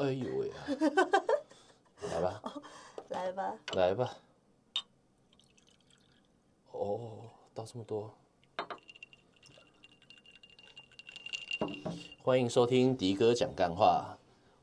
哎呦喂啊！來吧，來吧，來吧！哦，倒這麼多。歡迎收聽迪哥講幹話，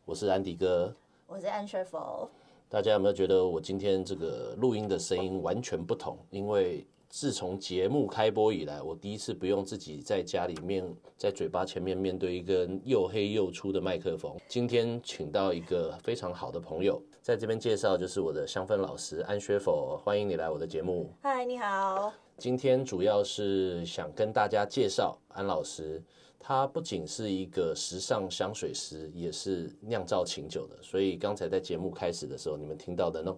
我是安迪哥，我是安薛佛。大家有沒有覺得我今天這個錄音的聲音完全不同？因為自從節目開播以來，我第一次不用自己在家裡面，在嘴巴前面面對一根又黑又粗的麥克風。今天請到一個非常好的朋友，在這邊介紹，就是我的香氛老師安薛佛。歡迎你來我的節目。嗨，你好。今天主要是想跟大家介紹安老師，他不僅是一個時尚香水師，也是釀造清酒的。所以剛才在節目開始的時候，你們聽到的呢？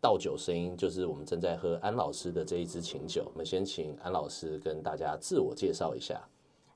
倒酒聲音，就是我們正在喝安老師的這一支琴酒。我們先請安老師跟大家自我介紹一下。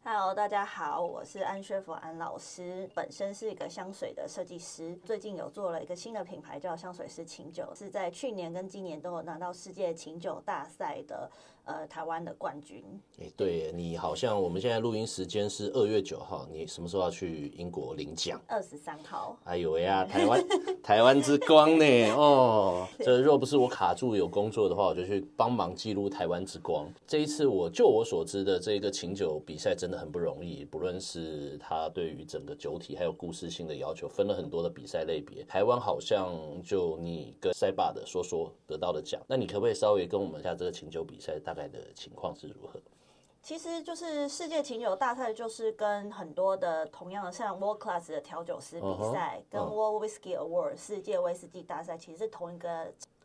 Hello，大家好，我是安薛佛安老師，本身是一個香水的設計師，最近有做了一個新的品牌叫香水師琴酒，是在去年跟今年都有拿到世界琴酒大賽的，呃，臺灣的冠軍，哎、欸，對，你好像，我們現在錄音時間是二月九號，你什麼時候要去英國領獎？二十三號。哎、呦喂呀，台灣 台灣之光呢？哦，這若不是我卡住有工作的話，我就去幫忙記錄台灣之光。 這一次我就我所知的這個琴酒比賽真的很不容易，不論是他對於整個酒體還有故事性的要求，分了很多的比賽類別。台灣好像就你跟賽霸的說說得到的獎，那你可不可以稍微跟我們一下這個琴酒比賽？他的情況是如何？其實就是世界琴酒大賽，就是跟很多的同樣的像 World Class 的調酒師比賽，跟 World Whisky Award 世界威士忌大賽，其實是同一個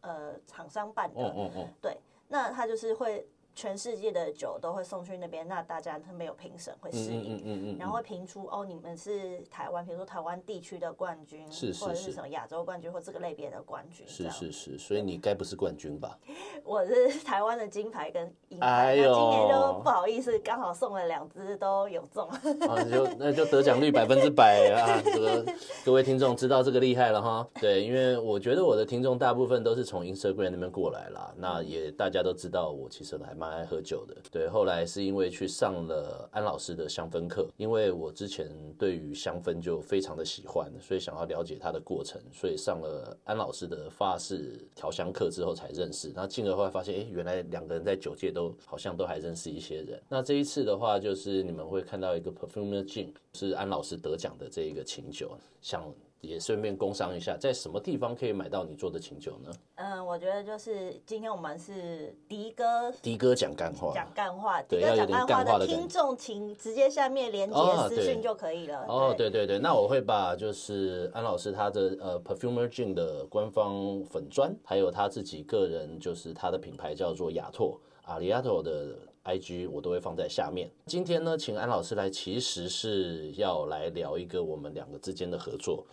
呃廠商辦的。嗯嗯嗯嗯嗯。對，那他就是會。全世界的酒都會送去那邊，那大家都沒有評審會試飲。嗯嗯，嗯，嗯嗯然後會評出哦，你們是台灣，比如說台灣地區的冠軍，是是是，或者是什麼亞洲冠軍或這個類別的冠軍，是是是，所以你該不是冠軍吧？我是台灣的金牌跟銀牌，哎、呦，那今年都不好意思，剛好送了兩支都有中，那、啊、 就那就得獎率百分之百啊！ 各位聽眾知道這個厲害了哈？對，因為我覺得我的聽眾大部分都是從 Instagram 那邊過來啦，那也大家都知道我其實還蠻。愛喝酒的，對，後來是因為去上了安老師的香氛課，因為我之前對於香氛就非常的喜歡，所以想要了解它的過程，所以上了安老師的法式調香課之後才認識，那進而後來發現，哎、欸，原來兩個人在酒界都好像都還認識一些人。那這一次的話，就是你們會看到一個 perfumer gin 是安老師得獎的這一個琴酒，想。也順便工商一下，在什麼地方可以買到你做的清酒呢？嗯，我覺得就是今天我們是迪哥，迪哥講乾話，講乾話，迪哥講乾話的聽眾請直接下面連接私訊就可以了。哦、oh,，對，oh, 對對對，那我會把就是安老師他的呃、uh,，Perfumer g e n 的官方粉專，嗯，還有他自己個人就是他的品牌叫做雅拓 Aleatoire 的 IG 我都會放在下面。今天呢，請安老師來，其實是要來聊一個我們兩個之間的合作。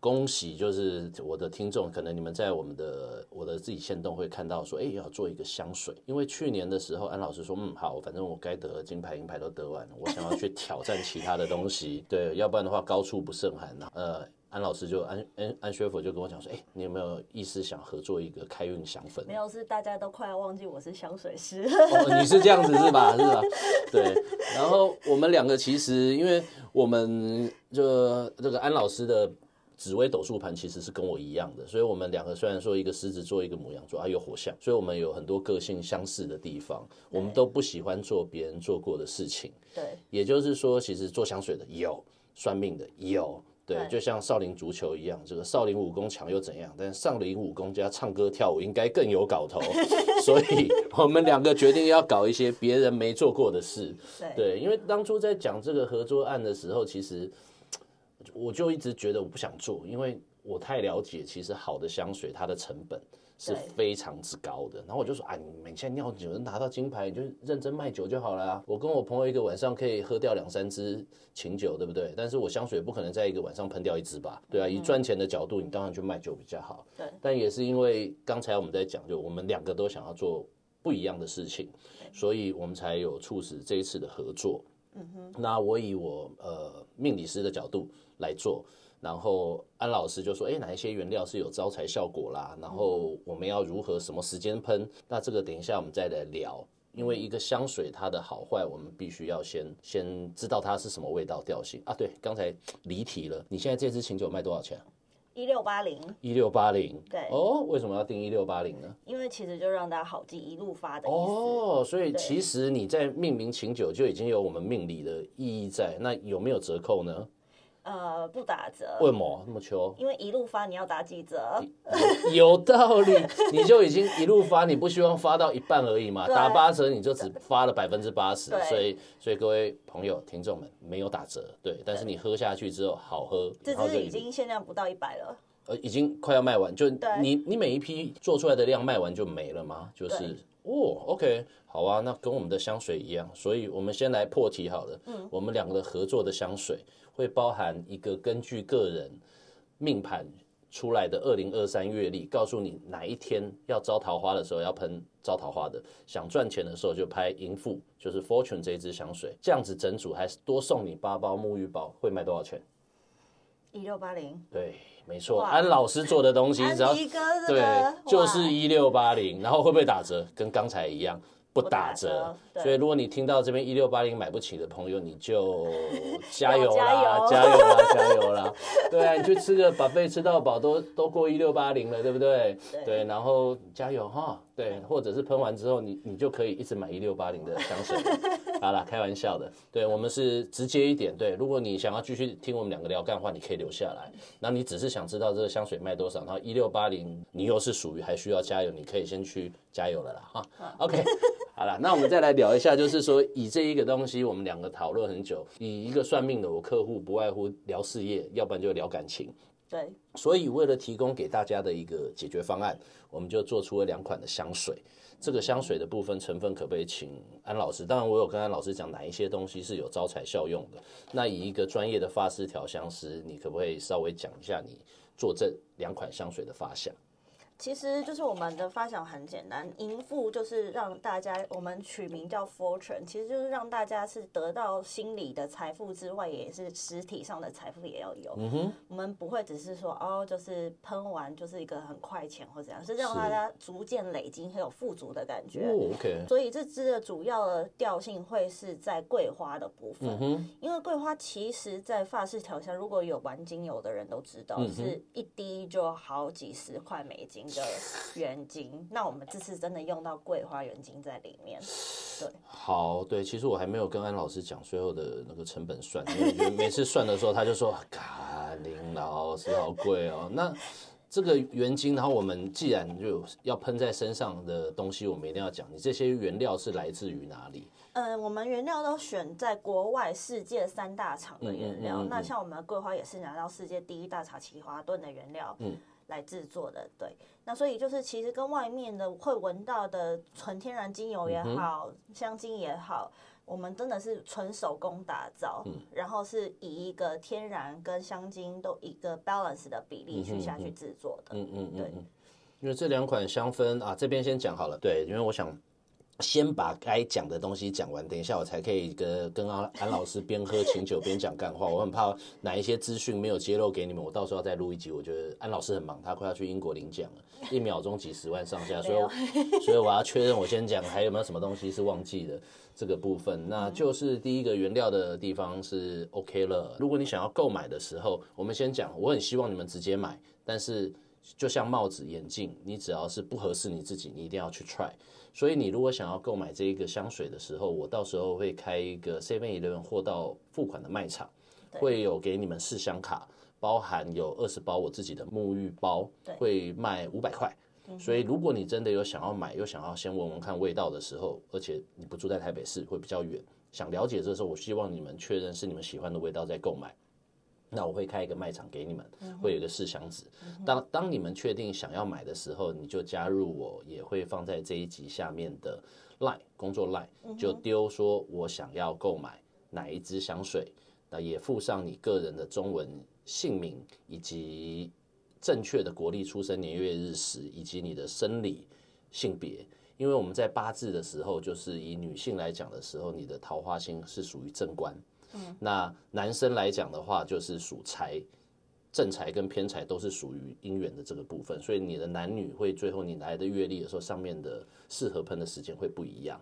恭喜，就是我的聽眾，可能你們在我們的我的自己線動會看到說，哎，要做一個香水，因為去年的時候安老師說，嗯，好，反正我該得金牌銀牌都得完了，我想要去挑戰其他的東西， 對，要不然的話高處不勝寒吶。呃，安老師就安安安薛佛就跟我講說，哎，你有沒有意思想合作一個開運香氛？沒有，是大家都快要忘記我是香水師、 哦，你是這樣子是吧？是吧？對。然後我們兩個其實，因為我們這這個安老師的。紫微斗數盤其實是跟我一樣的，所以我們兩個雖然說一個獅子座，一個牡羊座，啊有火象，所以我們有很多個性相似的地方。我們都不喜歡做別人做過的事情。對，也就是說，其實做香水的有，算命的有對，對，就像少林足球一樣，這個少林武功強又怎樣？但少林武功加唱歌跳舞應該更有搞頭。 所以我們兩個決定要搞一些別人沒做過的事。對，對因為當初在講這個合作案的時候，其實。我就一直覺得我不想做，因為我太了解，其實好的香水它的成本是非常之高的。然後我就說：“啊、哎，你們現在釀酒能拿到金牌，你就認真賣酒就好了。我跟我朋友一個晚上可以喝掉兩三支琴酒，對不對？但是我香水不可能在一個晚上噴掉一支吧？對啊，以賺錢的角度、嗯，你當然去賣酒比較好。對，但也是因為剛才我們在講，就我們兩個都想要做不一樣的事情，所以我們才有促使這一次的合作。嗯哼，那我以我呃命理師的角度。來做，然後安老師就說：“誒，哪一些原料是有招財效果啦？然後我們要如何什麼時間噴？那這個等一下我們再來聊。因為一個香水它的好壞，我們必須要先先知道它是什麼味道調性啊。對，剛才離題了。你現在這支琴酒賣多少錢？一六八零，一六八零。對，哦，為什麼要定一六八零呢？因為其實就讓大家好記，一路發的意思。哦，所以其實你在命名琴酒就已經有我們命理的意義在。那有沒有折扣呢？”呃，不打折。為什麼那麼秋？因為一路發，你要打幾折 有道理，你就已經一路發，你不希望發到一半而已嘛？打八折你就只發了百分之八十，所以所以各位朋友聽眾們沒有打折對，對，但是你喝下去之後好喝，然後就是已，已經限量不到一百了，呃，已經快要賣完，就你你每一批做出來的量賣完就沒了嗎？就是哦，OK，好啊，那跟我們的香水一樣，所以我們先來破題好了，嗯，我們兩個合作的香水。嗯會包含一個根據個人命盤出來的二零二三月曆，告訴你哪一天要招桃花的時候要噴招桃花的，想賺錢的時候就拍迎富，就是 Fortune 這一支香水，這樣子整組還是多送你八包沐浴包，會賣多少錢？一六八零。對，沒錯，安老師做的東西只要、這個、對，就是一六八零。然後會不會打折？跟剛才一樣。不打折，所以如果你聽到這邊一六八零買不起的朋友，你就加油啦， 加油啦，加油啦， 油啦 對啊，你就吃個 buffet 吃到飽，都都過一六八零了，對不對？對，對然後加油哈。哦對，或者是噴完之後你，你你就可以一直買一六八零的香水的。好啦，開玩笑的，對，我們是直接一點。對，如果你想要繼續聽我們兩個聊幹話，你可以留下來。那你只是想知道這個香水賣多少？然後一六八零，你又是屬於還需要加油，你可以先去加油了啦。哈，OK，好了，那我們再來聊一下，就是說以這一個東西，我們兩個討論很久。以一個算命的，我客戶不外乎聊事業，要不然就聊感情。對，所以為了提供給大家的一個解決方案，我們就做出了兩款的香水。這個香水的部分成分，可不可以請安老師？當然，我有跟安老師講哪一些東西是有招財效用的。那以一個專業的法式調香師，你可不可以稍微講一下你做這兩款香水的發想？其實就是我們的發想很簡單，迎富，就是讓大家，我們取名叫 Fortune，其實就是讓大家是得到心裡的財富之外，也是實體上的財富也要有。嗯哼，我們不會只是說哦，就是噴完就是一個很快錢或怎樣，是讓大家逐漸累積，很有富足的感覺。哦、okay。所以這支的主要的調性會是在桂花的部分，嗯、因為桂花其實在，在法式調香如果有玩精油的人都知道，就是一滴就好幾十塊美金。的原金，那我們這次真的用到桂花原金在裡面。對，好，對，其實我還沒有跟安老師講最後的那個成本算，每次算的時候他就說：“ 卡，林老師好貴哦、喔。 ”那這個原金，然後我們既然就要噴在身上的東西，我們一定要講，你這些原料是來自於哪裡？嗯，我們原料都選在國外世界三大廠的原料嗯嗯嗯嗯。那像我們的桂花也是拿到世界第一大廠奇華頓的原料來制作的，嗯、對。那所以就是，其實跟外面的會聞到的純天然精油也好、嗯，香精也好，我們真的是純手工打造、嗯，然後是以一個天然跟香精都以一個 balance 的比例去下去制作的。嗯哼嗯嗯，對，因為這兩款香氛啊，這邊先講好了。對，因為我想。先把該講的東西講完，等一下我才可以跟跟安安老師邊喝清酒邊講幹話。我很怕哪一些資訊沒有揭露給你們，我到時候再錄一集。我覺得安老師很忙，他快要去英國領獎了，一秒鐘幾十萬上下，所以所以我要確認，我先講還有沒有什麼東西是忘記的這個部分。那就是第一個原料的地方是 OK 了。如果你想要購買的時候，我們先講。我很希望你們直接買，但是。就像帽子、眼鏡，你只要是不合適你自己，你一定要去 try。所以你如果想要購買這一個香水的時候，我到時候會開一個7-11貨到付款的賣場，會有給你們試香卡，包含有二十包我自己的沐浴包，會賣五百塊。所以如果你真的有想要買，又想要先聞聞看味道的時候，而且你不住在台北市，會比較遠，想了解，這時候，我希望你們確認是你們喜歡的味道再購買。那我會開一個賣場給你們，嗯、會有一個試香紙、嗯。當當你們確定想要買的時候，你就加入我，也會放在這一集下面的 line 工作 line、嗯、就丟說我想要購買哪一支香水，那也附上你個人的中文姓名以及正確的國曆出生年月日時，以及你的生理性別。因為我們在八字的時候，就是以女性來講的時候，你的桃花星是屬於正官。那男生來講的話，就是屬財，正財跟偏財都是屬於姻緣的這個部分，所以你的男女會最後你來的月曆的時候，上面的適合噴的時間會不一樣。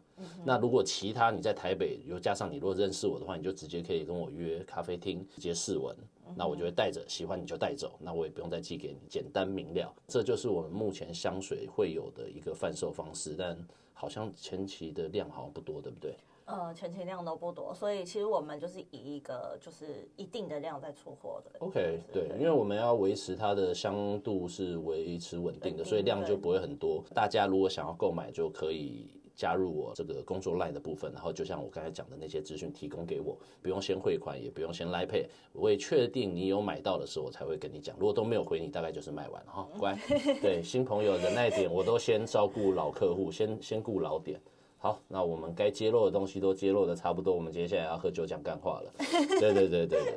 那如果其他你在台北，又加上你如果認識我的話，你就直接可以跟我約咖啡廳，直接試聞，那我就會帶着，喜歡你就帶走，那我也不用再寄給你，簡單明了，這就是我們目前香水會有的一個販售方式，但好像前期的量好像不多，對不對？呃、嗯，全期量都不多，所以其實我們就是以一個就是一定的量在出貨的。OK，對，對，因為我們要維持它的香度是維持穩定的穩定，所以量就不會很多。大家如果想要購買，就可以加入我這個工作 line 的部分。然後就像我剛才講的那些資訊，提供給我，不用先匯款，也不用先 Line Pay。我會確定你有買到的時候，我才會跟你講。如果都沒有回你，大概就是賣完哈、嗯，乖。 對，新朋友忍耐點，我都先照顧老客戶，先先顧老點。好，那我們該揭露的東西都揭露的差不多，我們接下來要喝酒講幹話了。對對對對對對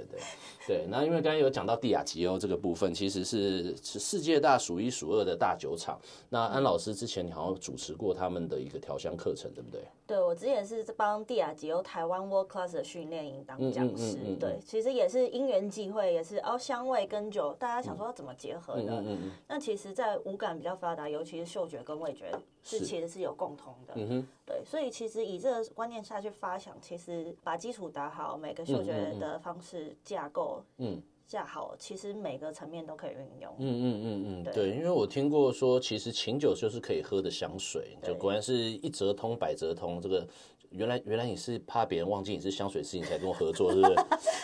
對。那 因為剛才有講到帝亞吉歐這個部分，其實是是世界大數一數二的大酒廠。那安老師之前你好像主持過他們的一個調香課程，對不對？對，我之前是幫帝亞吉歐台灣 World Class 的訓練營當講師，嗯嗯嗯嗯。對，其實也是因緣際會，也是哦，香味跟酒大家想說要怎麼結合的？嗯嗯嗯，嗯，嗯。那其實，在五感比較發達，尤其是嗅覺跟味覺，是，是其實是有共同的。嗯哼。嗯對，所以其實以這個觀念下去發想，其實把基礎打好，每個嗅覺的方式架構，嗯嗯，架好，其實每個層面都可以運用。嗯嗯嗯嗯，對，因為我聽過說，其實琴酒就是可以喝的香水，就果然是一則通百則通。這個原來原來你是怕別人忘記你是香水師，你才跟我合作，是 不是對？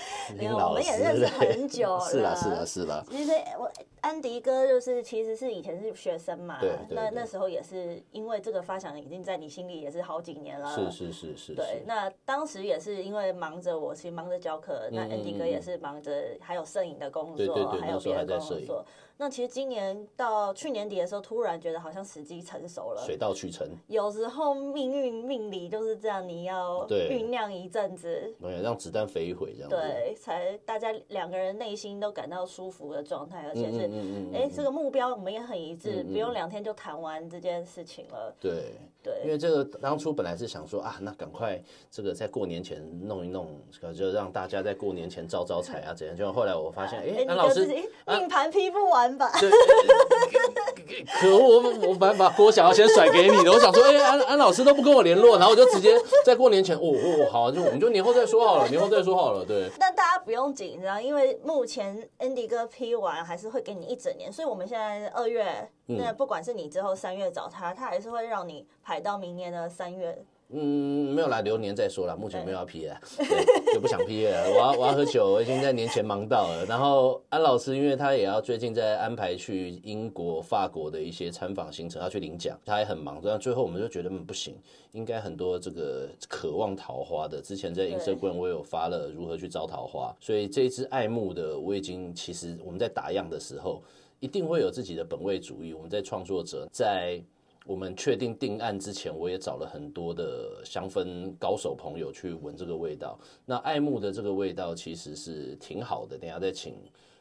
沒有，我們也認識很久了， 是的、啊，是的、啊，是的、啊啊。其實我安迪哥就是，其實是以前是學生嘛，那那時候也是因為這個發想已經在你心裡也是好幾年了，是是是是。對，那當時也是因為忙着我去忙着教課、嗯，那安迪哥也是忙着還有攝影的工作，還，工作還有別的工作。那其實今年到去年底的時候，突然覺得好像時機成熟了，水到渠成。有時候命運命理就是這樣，你要醞釀一陣子，對，讓子彈飛一回這樣，對，才大家兩個人內心都感到舒服的狀態，而且是哎、嗯嗯嗯嗯嗯嗯欸，這個目標我們也很一致，嗯嗯不用兩天就談完這件事情了，對。對因為這個當初本來是想說啊，那趕快這個在過年前弄一弄，就讓大家在過年前招招財啊，怎樣？就後來我發現，哎、啊，那老師命盤批不完吧對？對對對對對對對 可惡！我我本來把鍋想要先甩給你的， 我想說，哎、欸，安安老師都不跟我聯絡，然後我就直接在過年前，哦哦，哦，好，就我們就年後再說好了， 年後再說好了，對。那大家不用緊張，因為目前 Andy 哥批完還是會給你一整年，所以我們現在二月，那不管是你之後三月找他、嗯，他還是會讓你排到明年的三月。嗯，沒有來流年再說了，目前沒有要批、嗯、對，就不想批了。我要我要喝酒，我已經在年前忙到了。然後安老師，因為他也要最近在安排去英國、法國的一些參訪行程，要去領獎，他也很忙。那最後我們就覺得，嗯，不行，應該很多這個渴望桃花的，之前在 Instagram 我有發了如何去招桃花。所以這一支愛慕的，我已經其實我們在打樣的時候，一定會有自己的本位主義。我們在創作者在。我們確定定案之前，我也找了很多的香氛高手朋友去聞這個味道。那愛慕的這個味道其實是挺好的，等一下再請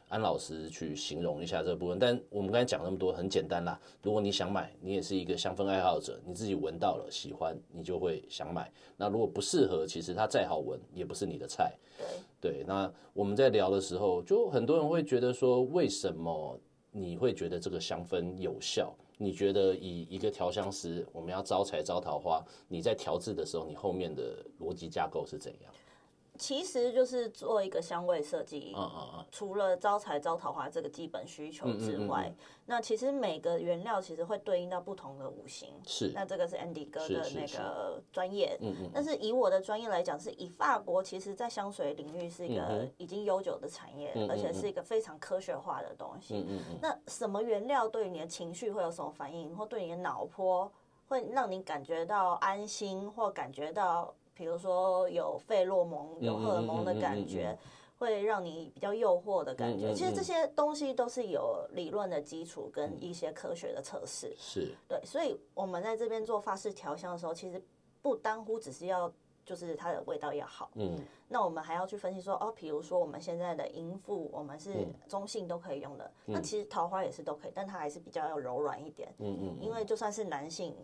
安老師去形容一下這部分。但我們剛才講那麼多，很簡單啦。如果你想買，你也是一個香氛愛好者，你自己聞到了喜歡，你就會想買。那如果不適合，其實它再好聞也不是你的菜。對。對對。那我們在聊的時候，就很多人會覺得說，為什麼你會覺得這個香氛有效？你覺得以一個調香師，我們要招財招桃花，你在調製的時候，你後面的邏輯架構是怎樣？其實就是做一個香味設計。Oh, oh, oh. 除了招財招桃花這個基本需求之外，嗯嗯嗯，那其實每個原料其實會對應到不同的五行。是。那這個是 Andy 哥的那個專業。是是是，但是以我的專業來講，是以法國，其實在香水領域是一個已經悠久的產業，嗯，而且是一個非常科學化的東西，嗯嗯嗯。那什麼原料對於你的情緒會有什麼反應，或對你的腦波會讓你感覺到安心，或感覺到？比如說有費洛蒙、有荷爾蒙的感覺、嗯嗯嗯嗯嗯嗯，會讓你比較誘惑的感覺、嗯嗯嗯。其實這些東西都是有理論的基礎跟一些科學的測試、嗯。是，對，所以我們在這邊做法式調香的時候，其實不單乎只是要就是它的味道要好。嗯。那我們還要去分析說，哦，比如說我們現在的迎富，我們是中性都可以用的、嗯。那其實桃花也是都可以，但它還是比較要柔軟一點。嗯嗯，嗯。因為就算是男性。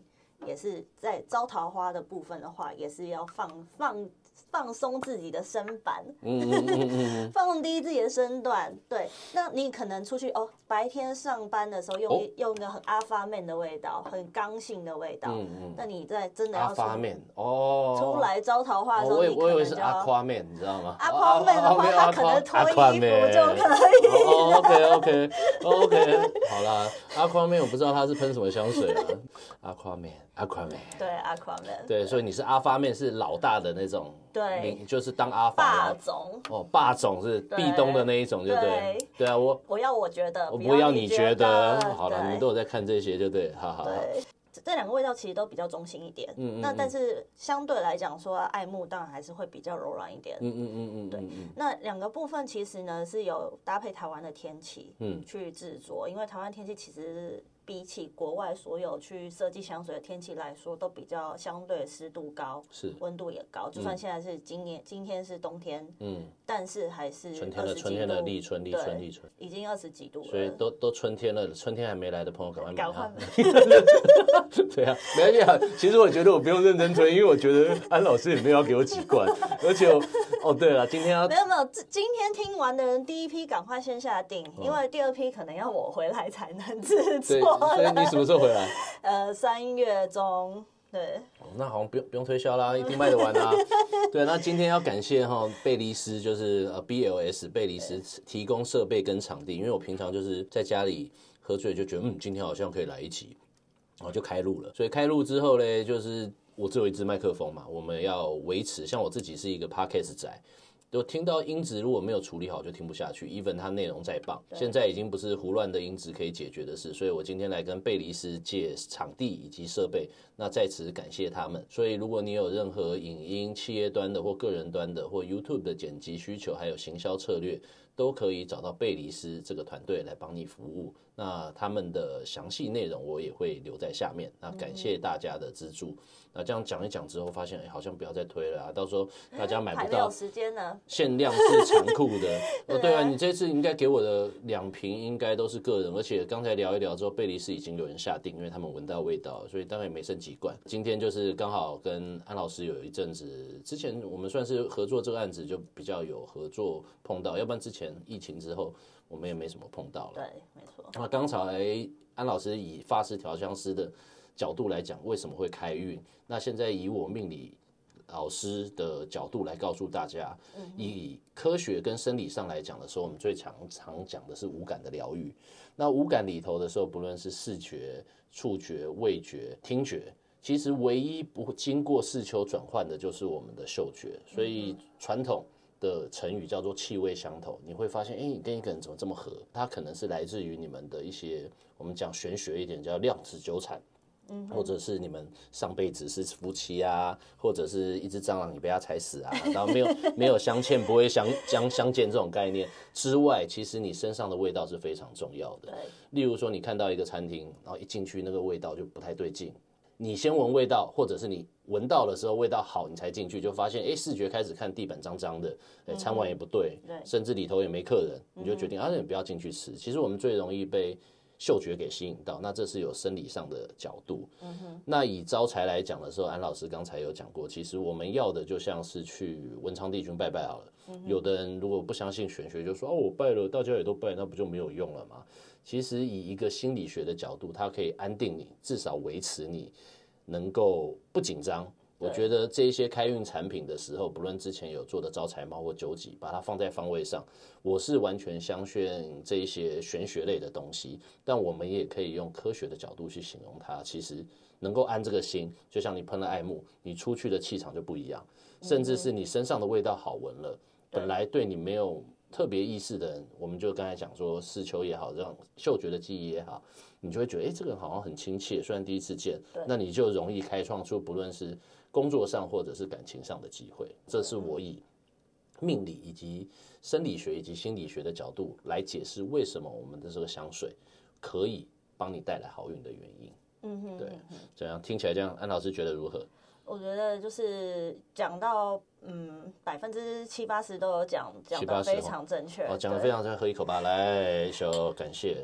也是在招桃花的部分的話，也是要放放。放鬆自己的身板，嗯嗯嗯嗯嗯嗯，放低自己的身段。對，那你可能出去哦，白天上班的時候用一、oh? 用一個很 Alpha man 的味道，很剛性的味道。嗯，那你在真的要 Alpha man 哦，出來招桃花的時候，啊，你可能我以為是 Aquaman，你知道嗎？Aquaman 的話，啊，他可能脫衣服就可以。啊啊， OK OK OK， 好啦，Aquaman 我不知道他是噴什麼香水 Aquaman，Aquaman，對，Aquaman，對，所以你是 Alpha man，是老大的那種。對，就是當阿法霸總哦，霸總是壁咚的那一種就對，就對。對啊，我要我覺得，我不要你覺得，覺得哦、好了，你們都有在看這些，就對，好，好好。對，這兩個味道其實都比較中性一點，嗯，嗯，嗯那但是相對來講說，愛慕當然還是會比較柔軟一點，嗯嗯嗯嗯，對。嗯嗯嗯那兩個部分其實呢是有搭配台灣的天氣，嗯，去制作，因為台灣天氣其實是。比起國外所有去設計香水的天氣來說，都比較相對濕度高，是溫度也高。就算現在是今年、嗯、今天是冬天，嗯，但是還是春天的春天的立春，立春，立春，已經二十幾度了，所以都都春天了，春天還沒來的朋友趕快趕快。 對啊，沒關係啊。其實我覺得我不用認真推，因為我覺得安老師也沒有要給我幾罐，而且哦，對了，今天要沒有沒有，這今天聽完的人第一批趕快先下定，因為第二批可能要我回來才能制作。所 以你什麼時候回來？呃，三月中，對。哦，那好像不用不用推銷啦，一定賣得完啦，啊。 對，那今天要感謝哈、哦、貝黎士，就是呃 BLS 貝黎士提供設備跟場地，欸，因為我平常就是在家裡喝醉就覺得，嗯，今天好像可以來一集，然、哦、後就開錄了。所以開錄之後呢，就是我只有一支麥克風嘛，我們要維持，像我自己是一個 Podcast 宅。就聽到音質如果沒有處理好，就聽不下去。Even 它內容再棒，現在已經不是胡亂的音質可以解決的事。所以我今天來跟貝黎士借場地以及設備，那在此感謝他們。所以如果你有任何影音企業端的或個人端的或 YouTube 的剪輯需求，還有行銷策略，都可以找到貝黎士這個團隊來幫你服務。那他們的詳細內容我也會留在下面。那感謝大家的資助、嗯。嗯那、啊、這樣講一講之後，發現、欸、好像不要再推了啊！到時候大家買不到，時間呢。限量是殘酷的， 哦，對啊，你這次應該給我的兩瓶應該都是個人，啊、而且剛才聊一聊之後，貝黎士已經有人下定，因為他們聞到味道，所以當然也沒剩幾罐。今天就是剛好跟安老師有一陣子，之前我們算是合作這個案子，就比較有合作碰到，要不然之前疫情之後，我們也沒什麼碰到了。對，沒錯。那、啊、剛才、欸、安老師以法式調香師相思的。角度來講，為什麼會開運？那現在以我命理老師的角度來告訴大家，以科學跟生理上來講的時候，我們最常常講的是五感的療癒。那五感裡頭的時候，不論是視覺、觸覺、味覺、聽覺，其實唯一不經過視丘轉換的就是我們的嗅覺。所以傳統的成語叫做氣味相投。你會發現，哎、欸，跟你跟一個人怎麼這麼合？他可能是來自於你們的一些我們講玄學一點，叫量子糾纏。或者是你們上輩子是夫妻啊，或者是一隻蟑螂你被他踩死啊，然後沒有 沒有相欠不會相相相見，這種概念之外，其實你身上的味道是非常重要的。例如說你看到一個餐廳，然後一進去那個味道就不太對勁，你先聞味道，或者是你聞到的時候味道好，你才進去，就發現哎、欸、視覺開始看地板髒髒的，嗯嗯欸、餐碗也不對，對，甚至裡頭也沒客人，你就決定嗯嗯啊你不要進去吃。其實我們最容易被。嗅覺給吸引到，那這是有生理上的角度、嗯哼。那以招財來講的時候，安老師剛才有講過，其實我們要的就像是去文昌帝君拜拜好了、嗯。有的人如果不相信玄學，就說哦我拜了，大家也都拜，那不就沒有用了嗎？其實以一個心理學的角度，它可以安定你，至少維持你能夠不緊張。我覺得這一些開運產品的時候，不論之前有做的招財貓或九幾，把它放在方位上，我是完全相信這一些玄學類的東西。但我們也可以用科學的角度去形容它，其實能夠安這個心，就像你噴了愛慕，你出去的氣場就不一樣，甚至是你身上的味道好聞了，嗯嗯，本來對你沒有特別意識的人，我們就剛才講說，嗅球也好，這種嗅覺的記憶也好，你就會覺得，哎、欸，這個人好像很親切，雖然第一次見，那你就容易開創出不論是工作上或者是感情上的機會，這是我以命理以及生理學以及心理學的角度來解釋為什麼我們的這個香水可以幫你帶來好運的原因。嗯哼，嗯哼，對，這樣聽起來這樣，安老師覺得如何？我覺得就是講到，嗯，百分之七八十都有講，講得非常正確。哦，講得、哦、非常正確，再喝一口吧，來，小感謝。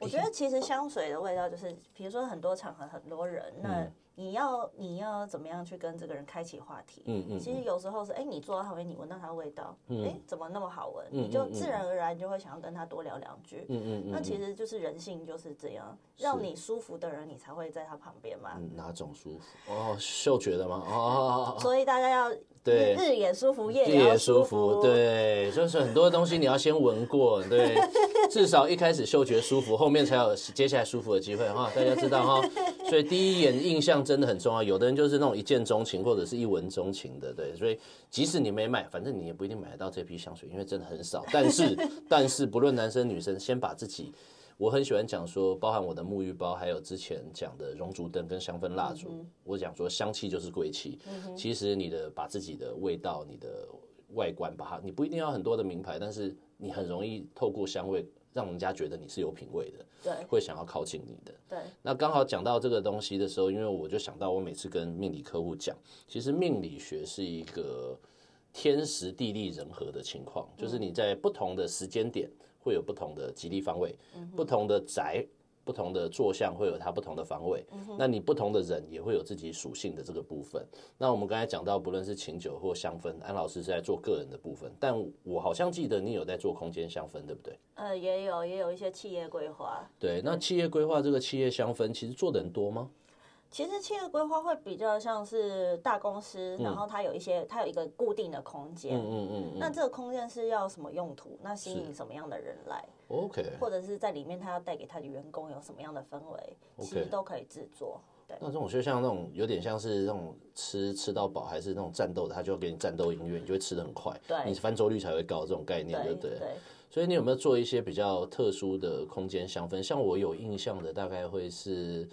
我覺得其實香水的味道就是，比如說很多場合很多人，那你要你要怎麼樣去跟這個人開啟話題、嗯嗯嗯？其實有時候是哎、欸，你坐在他旁邊，你聞到他的味道，哎、嗯欸，怎麼那麼好聞、嗯嗯嗯？你就自然而然就會想要跟他多聊兩句。嗯嗯，嗯那其實就是人性就是這樣，讓你舒服的人，你才會在他旁邊嘛、嗯。哪種舒服？哦，嗅覺的嗎？哦。所以大家要。對，日也舒服，夜也舒服，也舒服。對，就是很多東西你要先聞過，對，至少一開始嗅覺舒服，後面才有接下來舒服的機會哈。大家知道哈，所以第一眼印象真的很重要。有的人就是那種一見鍾情或者是一聞鍾情的，對。所以即使你沒買，反正你也不一定買得到這批香水，因為真的很少。但是，但是不論男生女生，先把自己。我很喜歡講說，包含我的沐浴包，還有之前講的熔燭燈跟香氛蠟燭。我講說，香氣就是貴氣。其實你的把自己的味道、你的外觀，把它，你不一定要很多的名牌，但是你很容易透過香味，讓人家覺得你是有品味的，對，會想要靠近你的。對。那剛好講到這個東西的時候，因為我就想到，我每次跟命理客戶講，其實命理學是一個天時地利人和的情況，嗯，就是你在不同的時間點。會有不同的吉利方位，嗯、不同的宅，不同的坐向會有它不同的方位，嗯。那你不同的人也會有自己屬性的這個部分。那我們剛才講到，不論是琴酒或香氛，安老師是在做個人的部分，但我好像記得你有在做空間香氛，對不對？呃，也有，也有一些企業規劃。對，嗯、那企業規劃這個企業香氛，其實做的人多嗎？其實企業規劃會比較像是大公司，然後它有一些、嗯、它有一個固定的空間，嗯嗯,嗯那這個空間是要什麼用途？那吸引什麼樣的人來？OK。或者是在裡面，他要帶給他的員工有什麼樣的氛圍、okay. 其實都可以制作。Okay. 對。那這種就像那種有點像是那種吃吃到飽，還是那種戰鬥，他就會給你戰鬥音樂，你就會吃得很快，對。你翻桌率才會高，這種概念對不對？對。所以你有沒有做一些比較特殊的空間香氛？像我有印象的，大概會是。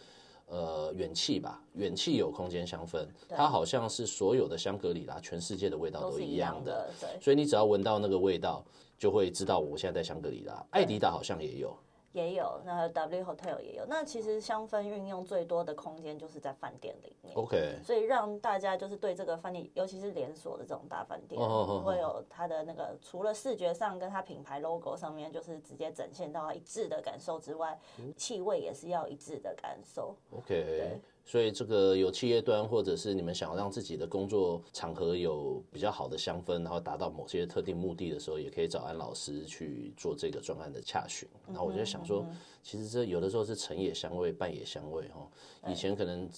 呃，遠企吧，遠企有空間香氛，對，它好像是所有的香格里拉全世界的味道都一樣的，樣的，所以你只要聞到那個味道，就會知道我現在在香格里拉，愛迪達好像也有。也有，那還有 W Hotel 也有。那其實香氛運用最多的空間就是在飯店裡面。OK，所以讓大家就是對這個飯店，尤其是連鎖的這種大飯店，會、oh, oh, oh, oh. 有它的那個除了視覺上跟它品牌 logo 上面就是直接展現到一致的感受之外，氣、hmm. 味也是要一致的感受。OK，對。所以這個有企業端，或者是你們想要讓自己的工作場合有比較好的香氛，然後達到某些特定目的的時候，也可以找安老師去做這個專案的洽詢。然後我就想說，其實這有的時候是成也香味，敗也香味哈。以前可能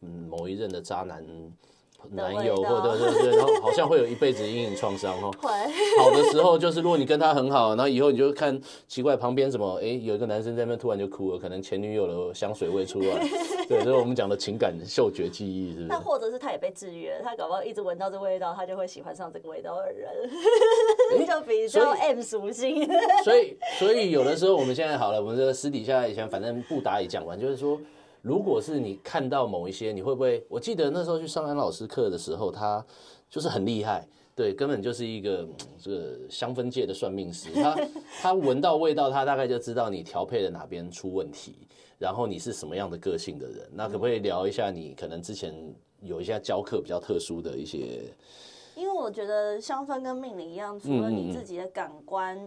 某一任的渣男。男友或者對對對？然後好像會有一輩子陰影創傷哦。好的時候就是，如果你跟他很好，然後以後你就看奇怪旁邊什麼，哎，有一個男生在那邊突然就哭了，可能前女友的香水味出來啊。對，這是我們講的情感嗅覺記憶，是不是？那或者是他也被制約，他搞不好一直聞到這味道，他就會喜歡上這個味道的人，欸，就比較 M 屬性。所以，所以有的時候我們現在好了，我們這個私底下以前反正不打也講完，就是說。如果是你看到某一些，你會不會？我記得那時候去上安老師課的時候，他就是很厲害，對，根本就是一個這個香氛界的算命師。他他聞到味道，他大概就知道你調配的哪邊出問題，然後你是什麼樣的個性的人。那可不可以聊一下你可能之前有一些教課比較特殊的一些？因為我覺得香氛跟命理一樣，除了你自己的感官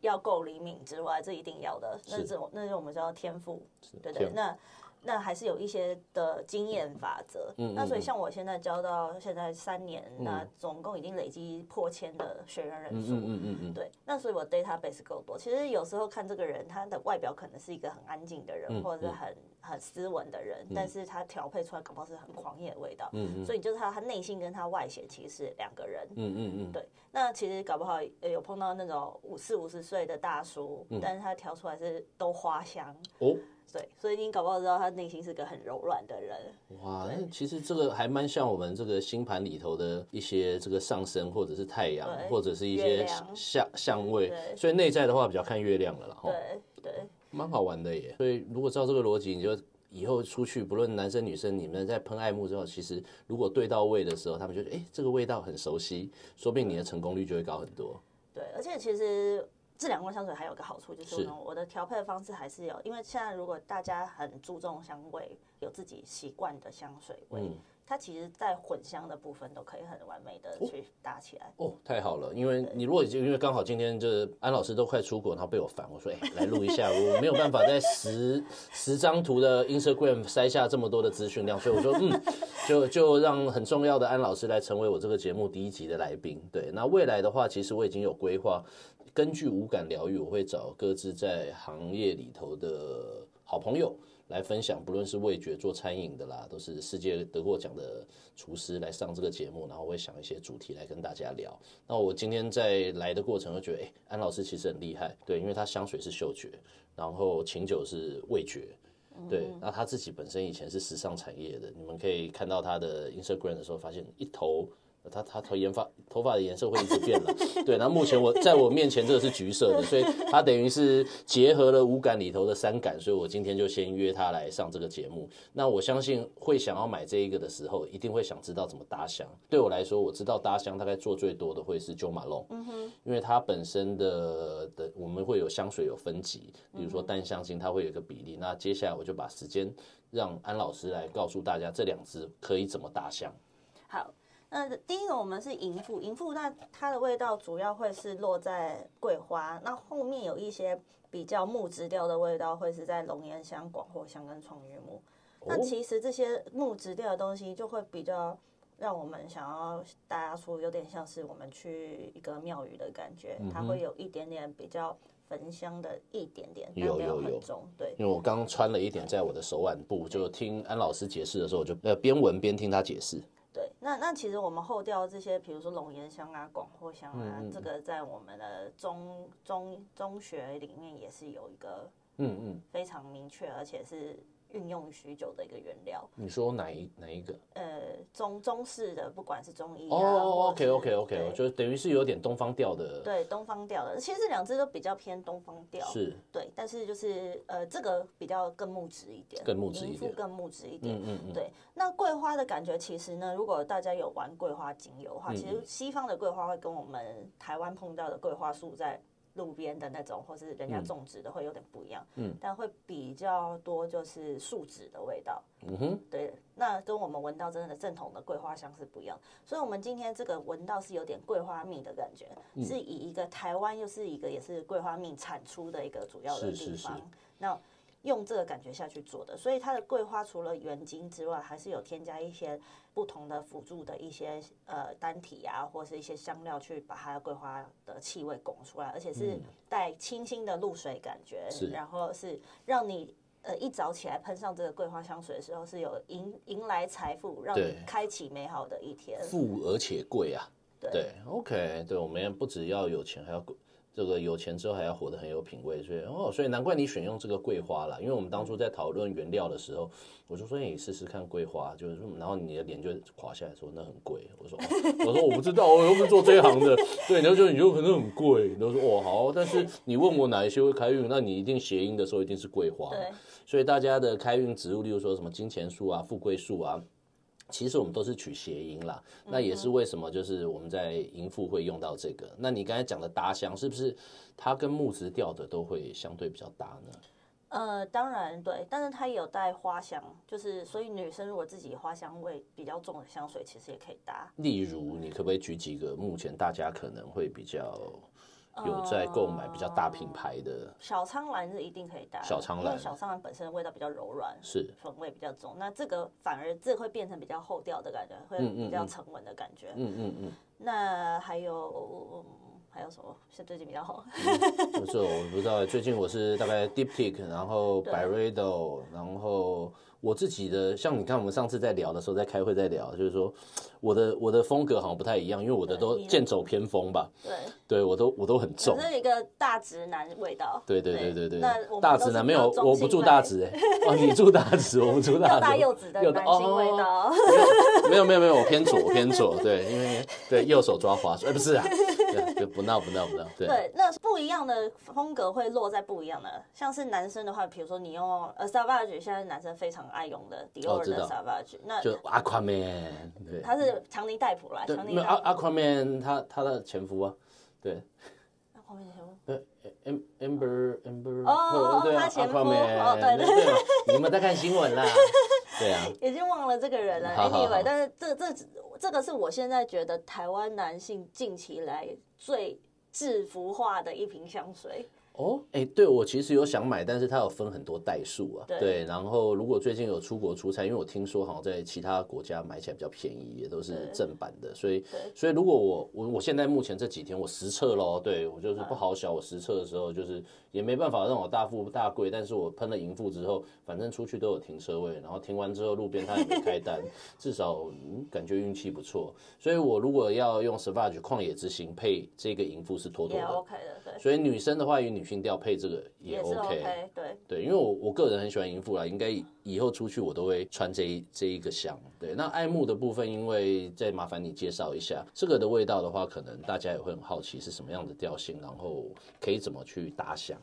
要夠靈敏之外，嗯，這一定要的。是，那就，那就我們知道的天賦，是，對，那。那還是有一些的經驗法則，嗯嗯，那所以像我現在教到現在三年，嗯，那總共已經累積破千的學員人數，嗯嗯嗯、嗯，對。那所以我 database 足夠多。其實有時候看這個人，他的外表可能是一個很安靜的人，嗯嗯，或者是很很斯文的人，嗯，但是他調配出來搞不好是很狂野的味道。嗯、嗯，所以就是他他內心跟他外顯其實是兩個人。嗯嗯嗯，對。那其實搞不好有碰到那種五四五十歲的大叔，嗯，但是他調出來是都花香。哦對，所以你搞不好知道他內心是個很柔軟的人。哇，其實這個還蠻像我們這個星盤裡頭的一些這個上升或者是太陽或者是一些相相位，所以內在的話比較看月亮了啦。對、哦、對，蠻好玩的耶。所以如果照這個邏輯，你就以後出去，不論男生女生，你們在噴愛慕之後，其實如果對到位的時候，他們覺得哎，這個味道很熟悉，說不定你的成功率就會高很多。對，對而且其實。這兩罐香水還有一個好處就是，我的調配方式還是有，因為現在如果大家很注重香味，有自己習慣的香水味，它其實，在混香的部分都可以很完美的去搭起來哦。哦，太好了，因為你如果已經因為剛好今天就是安老師都快出國，然後被我煩，我說哎，來錄一下，我沒有辦法在十 十張圖的 Instagram 塞下這麼多的資訊量，所以我說嗯，就就讓很重要的安老師來成為我這個節目第一集的來賓。對，那未來的話，其實我已經有規劃。根據五感療癒，我會找各自在行業裡頭的好朋友來分享，不論是味覺做餐飲的啦，都是世界得過獎的廚師來上這個節目，然後會想一些主題來跟大家聊。那我今天在來的過程就覺得，哎、欸，安老師其實很厲害，對，因為他香水是嗅覺，然後琴酒是味覺，對，嗯嗯，那他自己本身以前是時尚產業的，你們可以看到他的 Instagram 的時候，發現一頭。他他頭研發頭髮的顏色會一直變了， 對。那目前我在我面前這個是橘色的，所以它等於是結合了五感裡頭的三感，所以我今天就先約他來上這個節目。那我相信會想要買這一個的時候，一定會想知道怎麼搭香。對我來說，我知道搭香大概做最多的會是九馬龍，嗯哼，因為它本身的的我們會有香水有分級，比如說淡香精它會有一個比例，嗯。那接下來我就把時間讓安老師來告訴大家這兩支可以怎麼搭香。那第一個我們是迎富，迎富，那它的味道主要會是落在桂花，那後面有一些比較木質調的味道，會是在龍涎香、廣藿香跟創玉木。那其實這些木質調的東西，就會比較讓我們想要大家說有點像是我們去一個廟宇的感覺，嗯，它會有一點點比較焚香的一點點，有有有。但沒有很重對，因為我剛剛穿了一點在我的手腕部，就聽安老師解釋的時候，就呃邊聞邊聽他解釋。對，那那其實我們後調這些，比如說龍涎香啊、廣藿香啊、嗯，這個在我們的中中中學裡面也是有一個，嗯嗯，非常明確，而且是。運用許久的一個原料，你說哪一哪一個？呃，中中式的，不管是中醫哦 OK OK OK，okay 我覺得等於是有點東方調的、嗯，對，東方調的，其實兩只都比較偏東方調，是，對，但是就是呃，這個比較更木質一點，更木質衣服更木質一點，嗯嗯，嗯，對。那桂花的感覺，其實呢，如果大家有玩桂花精油的話、嗯，其實西方的桂花會跟我們台灣碰到的桂花樹在。路邊的那種，或是人家種植的，會有點不一樣。嗯，但會比較多，就是樹脂的味道。嗯哼，對。那跟我們聞到真正的正統的桂花香是不一樣的。所以，我們今天這個聞到是有點桂花蜜的感覺，嗯、是以一個台灣又是一個也是桂花蜜產出的一個主要的地方。是是是。那。用這個感覺下去做的，所以它的桂花除了原精之外，還是有添加一些不同的輔助的一些呃單體啊，或是一些香料去把它的桂花的氣味拱出來，而且是帶清新的露水感覺，嗯、然後是讓你呃一早起來噴上這個桂花香水的時候是有迎迎來財富，讓你開啟美好的一天，富而且貴啊，對，對，OK，對我們不只要有錢，還要這個有錢之後，還要活得很有品味，所以哦，所以難怪你選用這個桂花啦，因為我們當初在討論原料的時候，我就說，你試試看桂花，就是，然後你的臉就垮下來，說那很貴。我說，哦，我說我不知道， 我又不是做這一行的。對，然後就你就可能很貴，然後說，哦，好，但是你問我哪一些會開運，那你一定諧音的時候一定是桂花。所以大家的開運植物，例如說什麼金錢樹啊、富貴樹啊。其實我們都是取諧音啦、嗯，那也是為什麼就是我們在迎富會用到這個。嗯、那你剛才講的搭香是不是它跟木質調的都會相對比較搭呢？呃，當然對，但是它也有帶花香，就是所以女生如果自己花香味比較重的香水，其實也可以搭。例如，你可不可以舉幾個目前大家可能會比較？有在購買比較大品牌的。小蒼蘭是一定可以帶。小蒼蘭，因為小蒼蘭本身的味道比較柔軟，是粉味比較重。那這個反而這個會變成比較厚調的感覺嗯嗯嗯，會比較沉穩的感覺。嗯嗯嗯。那還有、嗯、還有什麼？是最近比較好。不、嗯就是我不知道、欸， 最近我是大概 Diptyque 然後 Byredo 然後。我自己的像你看，我們上次在聊的時候，在開會在聊，就是說，我的我的風格好像不太一樣，因為我的都劍走偏鋒吧。對，對，對我都我都很重，是一個大直男味道。對對對對對，對對，那大，大直男沒有，我不住大直、欸哦，你住大直，我不住大直，又大又直的男性味道。哦、沒有沒有沒有，沒有，我偏左我偏左，對，因為對右手抓滑手。哎、欸，不是啊。對不鬧不鬧不鬧。對，那不一樣的風格會落在不一樣的，像是男生的話，比如說你用呃 Savage，現在男生非常愛用的 Dior 的、A、Savage，、哦、那就 Aquaman，對，他是強尼戴普啦，對，對，沒有、A、Aquaman，他他的前夫啊，對，Aquaman、啊、前夫，Am b e r Amber 哦，他前夫。哦、oh, 對對對， 對、啊，你們在看新聞啦？ 對啊，已經忘了這個人了，Anyway， 哎、但是這這這個是我現在覺得台灣男性近期來最制服化的一瓶香水。哦，哎，對我其實有想買，但是它有分很多代數啊對。對，然後如果最近有出國出差，因為我聽說好像在其他國家買起來比較便宜，也都是正版的。所以，所以如果我我我現在目前這幾天我實測嘍，對我就是不好小。啊、我實測的時候就是也沒辦法讓我大富大貴，但是我噴了迎富之後，反正出去都有停車位，然後停完之後路邊他也沒開單， 至少、嗯、感覺運氣不錯。所以我如果要用 Savage 曠野之行配這個迎富是妥妥的，OK 的。所以女生的話與女生迎富調配這個也 OK，也 OK 對對，因為我我個人很喜歡迎富啦，應該以後出去我都會穿這一這一,一個香。對，那愛慕的部分，因為再麻煩你介紹一下這個的味道的話，可能大家也會很好奇是什麼樣的調性，然後可以怎麼去打響。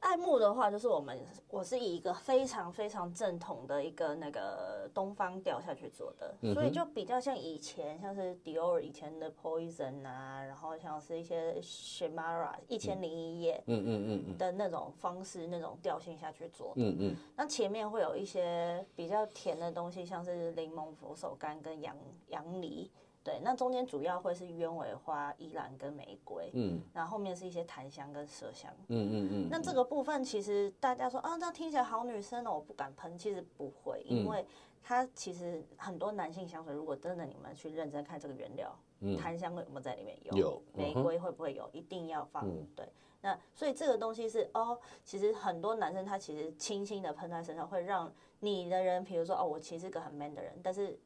愛慕的話，就是我們我是以一個非常非常正統的一個那個東方調下去做的，嗯、所以就比較像以前，像是 Dior 以前的 Poison 啊，然後像是一些 Shimara 一千零一夜，嗯嗯嗯嗯的那種方式，那種調性下去做，嗯嗯，嗯，那前面會有一些比較甜的東西，像是檸檬佛干、佛手柑跟洋洋梨。對，那中間主要會是鳶尾花、依蘭跟玫瑰，嗯，然後後面是一些檀香跟麝香，嗯嗯嗯。那這個部分其實大家說，這、啊、那聽起來好女生哦，我不敢噴。其實不會，因為它其實很多男性香水，如果真的你們去認真看這個原料，嗯、檀香有沒有在裡面有？有。玫瑰會不會有？一定要放。嗯、對，那所以這個東西是哦，其實很多男生他其實輕輕的噴在身上，會讓你的人，比如說哦，我其實是個很 man 的人，但是。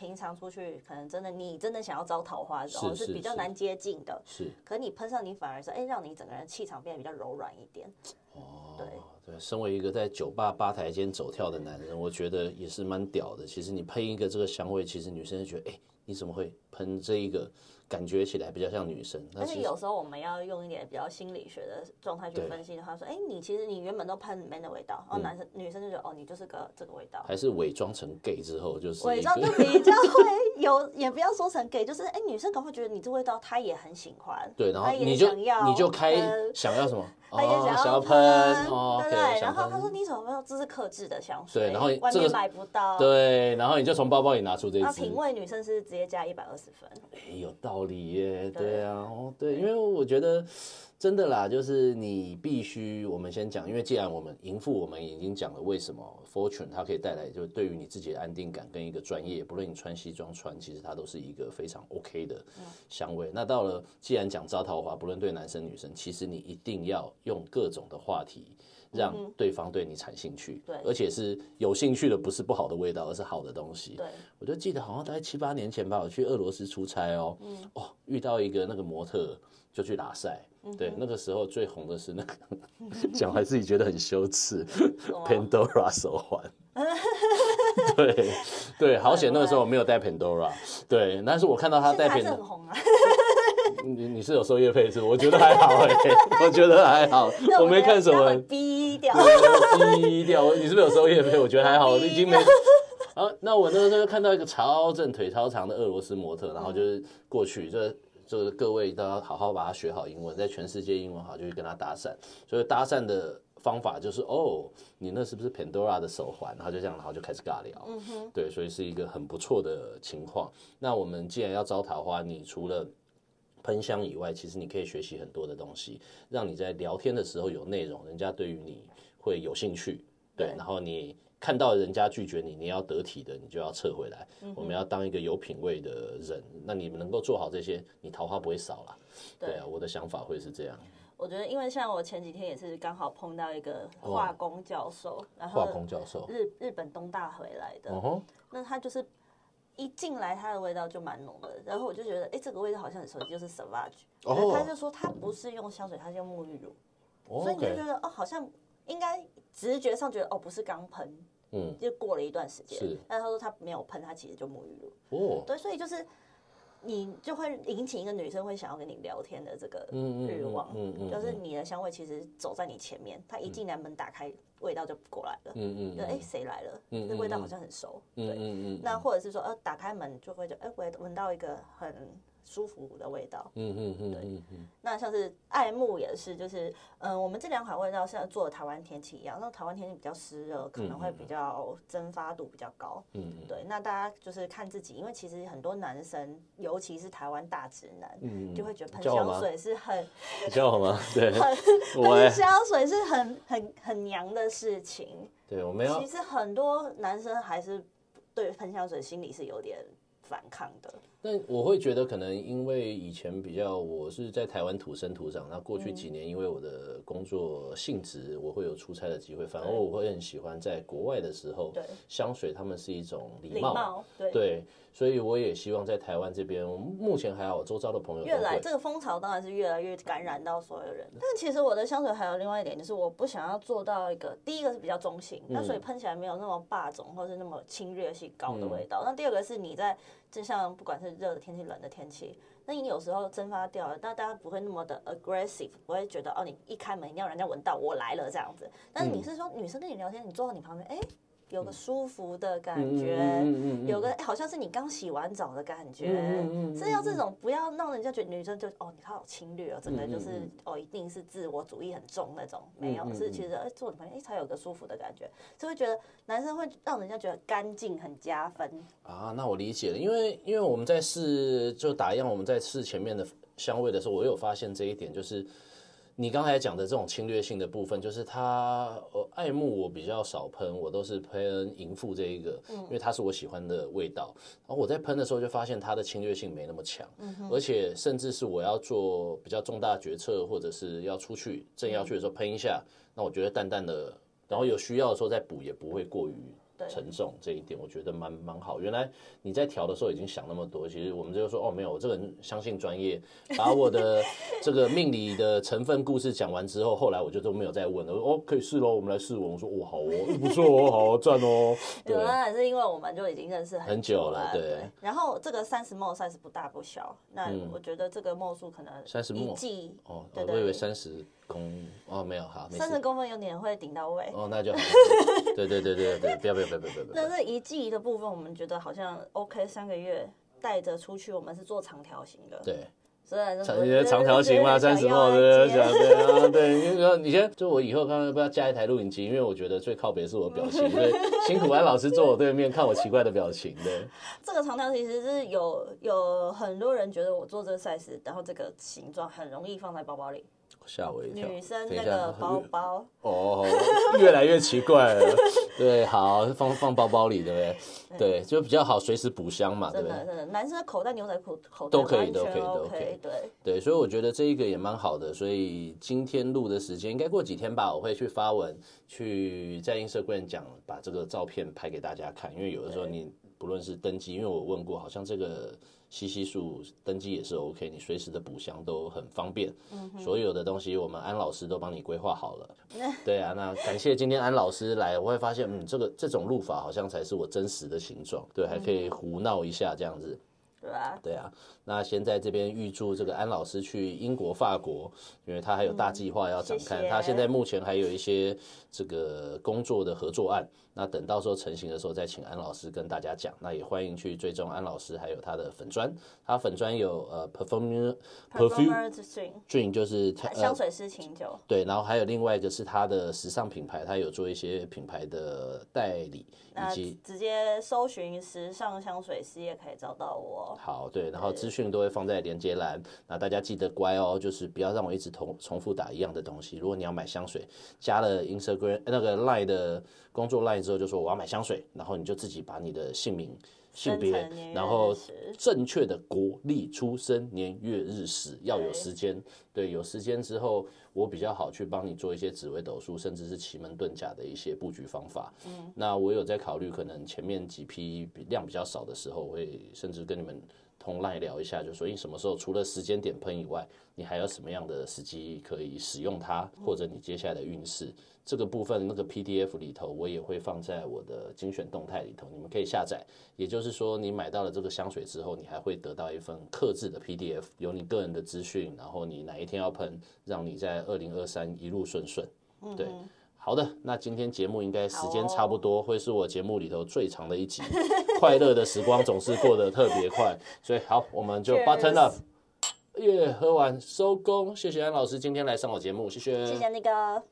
平常出去，可能真的你真的想要招桃花，哦，是比較難接近的。是，是，可你噴上，你反而是哎，讓你整個人氣場變得比較柔軟一點，嗯。哦，對，對，身為一個在酒吧吧台間走跳的男人，我覺得也是蠻屌的。其實你噴一個這個香味，其實女生就覺得，哎，你怎麼會噴這一個？感覺起來比較像女生，但是有時候我們要用一點比較心理學的狀態去分析的話，說，哎，你其實你原本都噴 man 的味道，哦、嗯，然後男生女生就覺得哦，你就是個這個味道，還是偽裝成 gay 之後就是、那個、偽裝就比較會有， 也不要說成 gay，就是哎，女生可能會覺得你這味道她也很喜歡，對，然後想要你就你就開想要什麼？嗯哦、oh，想要噴，對對，okay, 然後他說：“你怎麼沒有，這是客製的香水。”對，然後外面買不到、這個。對，然後你就從包包裡拿出這一支。他品味女生是直接加一百二十分。哎，有道理耶，對！對啊，對，因為我覺得。真的啦，就是你必須，我們先講，因為既然我們迎富，我們已經講了為什麼 fortune 它可以帶來，就是對於你自己的安定感跟一個專業，不論你穿西裝穿，其實它都是一個非常 OK 的香味。那到了，既然講招桃花，不論對男生女生，其實你一定要用各種的話題，讓對方對你產生興趣，對，而且是有興趣的，不是不好的味道，而是好的東西。對我就記得好像大概七八年前吧，我去俄羅斯出差哦，哦，遇到一個那個模特，就去喇賽。Mm -hmm. 對，那個時候最紅的是那個講完、mm -hmm. 自己覺得很羞恥 ，Pandora 手環。Oh. 對對，好險那個時候我沒有戴 Pandora， 對，但是我看到他戴 Pandora 他，啊。 你你是有收業配是不是？我覺得還好，欸， 我覺得還好， 我沒看什麼。低調低調， 對 你是不是有收業配？我覺得還好，我 已經沒。 啊，那我那個時候看到一個超正腿超長的俄羅斯模特， 然後就是過去就。就是各位都要好好把它學好英文，在全世界英文好就去跟他搭訕。所以搭訕的方法就是哦，你那是不是 Pandora 的手環？然後就這樣，然後就開始尬聊。嗯哼，對，所以是一個很不錯的情況。那我們既然要招桃花，你除了噴香以外，其實你可以學習很多的東西，讓你在聊天的時候有內容，人家對於你會有興趣。對，嗯、然後你。看到人家拒絕你，你要得體的，你就要撤回來、嗯。我們要當一個有品位的人，那你們能夠做好這些，你桃花不會少了。對啊，我的想法會是這樣。我覺得，因為像我前幾天也是剛好碰到一個化工教授，oh wow、然後化工教授日日本東大回來的，uh-huh、那他就是一進來，他的味道就蠻濃的，然後我就覺得，哎、欸，這個味道好像很熟悉，就是 Savage、oh. 哦，他就說他不是用香水，他是用沐浴乳，oh, okay. 所以你就覺得哦，好像應該直覺上覺得哦，不是剛噴。嗯，就過了一段時間，但是他說他沒有噴，他其實就沐浴露。哦，對，所以就是你就會引起一個女生會想要跟你聊天的這個慾望，嗯嗯嗯嗯嗯嗯嗯嗯，就是你的香味其實走在你前面，他一進來，門打開、嗯、味道就過來了，嗯嗯、嗯、嗯，就哎、誰、欸、來了，那、嗯嗯嗯嗯、味道好像很熟。對，嗯嗯嗯嗯嗯嗯嗯，那或者是說呃、啊、打開門就會就哎聞、聞到一個很。舒服的味道，嗯嗯嗯，對嗯嗯嗯，那像是愛慕也是，就是，嗯、呃，我們這兩款味道像做的台灣天氣一樣，那台灣天氣比較濕熱，可能會比較蒸發度比較高，嗯，嗯對，那大家就是看自己，因為其實很多男生，尤其是台灣大直男，嗯就會覺得噴香水是很，你知道嗎？對， 很，對，噴香水是很很很娘的事情。對，我沒有。其實很多男生還是對噴香水心裡是有點反抗的。那我會覺得，可能因為以前比較，我是在台灣土生土長。那過去幾年，因為我的工作性質、嗯，我會有出差的機會。反而我會很喜歡在國外的時候，對香水他們是一種禮貌，禮貌，對，對，所以我也希望在台灣這邊，我目前還好，周遭的朋友越來這個風潮當然是越來越感染到所有人。但其實我的香水還有另外一點，就是我不想要做到一個第一個是比較中性，嗯、那所以噴起來沒有那麼霸總或是那麼侵略性高的味道。嗯、那第二個是你在。就像不管是熱的天氣、冷的天氣，那你有時候蒸發掉了，那大家不會那麼的 aggressive，不會覺得哦，你一開門一定要人家聞到我來了這樣子。但是你是說女生跟你聊天，你坐在你旁邊，哎、欸。有個舒服的感覺，嗯嗯嗯嗯、有個、欸、好像是你剛洗完澡的感覺，嗯嗯嗯、是要這種，不要讓人家覺得女生就、嗯嗯嗯、哦你好侵略哦，整個就是、嗯嗯、哦一定是自我主義很重那種、嗯嗯，沒有，是其實做女朋友哎才有個舒服的感覺，就會覺得男生會讓人家覺得乾淨很加分啊。那我理解了，因為因為我們在試就打樣，我們在試前面的香味的時候，我有發現這一點，就是。你剛才講的這種侵略性的部分，就是他呃愛慕我比較少噴，我都是噴迎富這一個，嗯，因為他是我喜歡的味道。嗯、然後我在噴的時候就發現他的侵略性沒那麼強、嗯，而且甚至是我要做比較重大決策或者是要出去正要去的時候噴一下、嗯，那我覺得淡淡的，然後有需要的時候再補也不會過於。沉重這一點，我覺得蠻蠻好。原來你在調的時候已經想那麼多，其實我們就說哦，沒有，我這個人相信專業。把我的這個命理的成分故事講完之後，後來我就都沒有再問了。哦，可以試嘍，我們來試。我我說哦，好哦，不錯哦，好、啊、贊哦。對，有還是因為我們就已經認識很久了，久了對，對，嗯、對。然後這個三十 ml，算是不大不小，那我覺得這個 ml 數可能三十 ml，哦，我我以為三十。空哦沒有好，三十公分有點會頂到位哦，那就好對對對對對， 不要不要不要不要不要。那這一季的部分，我們覺得好像 OK，三個月帶着出去，我們是做長條形的。對，所以長條形嘛，三十號對不對？對、啊、對，你先，你先，就我以後可不要加一台錄影機，因為我覺得最靠北是我的表情，所 以辛苦安老師坐我對面 看我奇怪的表情對。這個長條其實是有有很多人覺得我做這個 size，然後這個形狀很容易放在包包裡。嚇我一跳！女生那個包包哦，哦，哦，越來越奇怪了。 對，好放放包包裡，對不對？對，就比較好隨時補香嘛，對不對？真的，男生的口袋牛仔褲口袋都可以，都可以，都可以，okay, okay, okay, 對，對，所以我覺得這一個也蠻好的。所以今天錄的時間應該過幾天吧，我會去發文去在 Instagram 講，把這個照片拍給大家看。因為有的時候你不論是登機，因為我問過，好像這個。西西樹登機也是 OK，你隨時的補香都很方便。所有的東西我們安老師都幫你規劃好了。對啊，那感謝今天安老師來，我會發現，嗯，這個這種錄法好像才是我真實的形狀。對，還可以胡鬧一下這樣子。對啊。對啊，那先在這邊預祝這個安老師去英國、法國，因為他還有大計劃要展開。他現在目前還有一些這個工作的合作案。那等到時候成型的時候，再請安老師跟大家講。那也歡迎去追蹤安老師，還有他的粉專。他粉專有呃 p e r f o r m e r perfumer dream, dream，就是香水師情就、呃。對，然後還有另外一個是他的時尚品牌，他有做一些品牌的代理，以及那直接搜尋時尚香水師也可以找到我。好，對，然後資訊都會放在連結欄。那大家記得乖哦，就是不要讓我一直重重複打一樣的東西。如果你要買香水，加了 Instagram 那個 Line 的工作 Line。就說我要買香水，然後你就自己把你的姓名、性別，然後正確的國曆出生年月日時要有時間，對，有時間之後，我比較好去幫你做一些紫微斗數，甚至是奇門遁甲的一些布局方法。嗯，那我有在考慮，可能前面幾批量比較少的時候，我會甚至跟你們。同來聊一下，就說你什麼時候除了時間點噴以外，你還有什麼樣的時機可以使用它？或者你接下來的運勢這個部分，那個 PDF 裡頭我也會放在我的精選動態裡頭，你們可以下載。也就是說，你買到了這個香水之後，你還會得到一份客製的 PDF，有你個人的資訊，然後你哪一天要噴，讓你在二零二三一路順順。對。嗯嗯好的，那今天節目應該時間差不多，哦、會是我節目裡頭最長的一集。 快樂的時光總是過得特別快，所以好，我們就 button up、Cheers。耶、yeah，喝完收工，謝謝安老師今天來上我節目，謝謝，謝謝那個。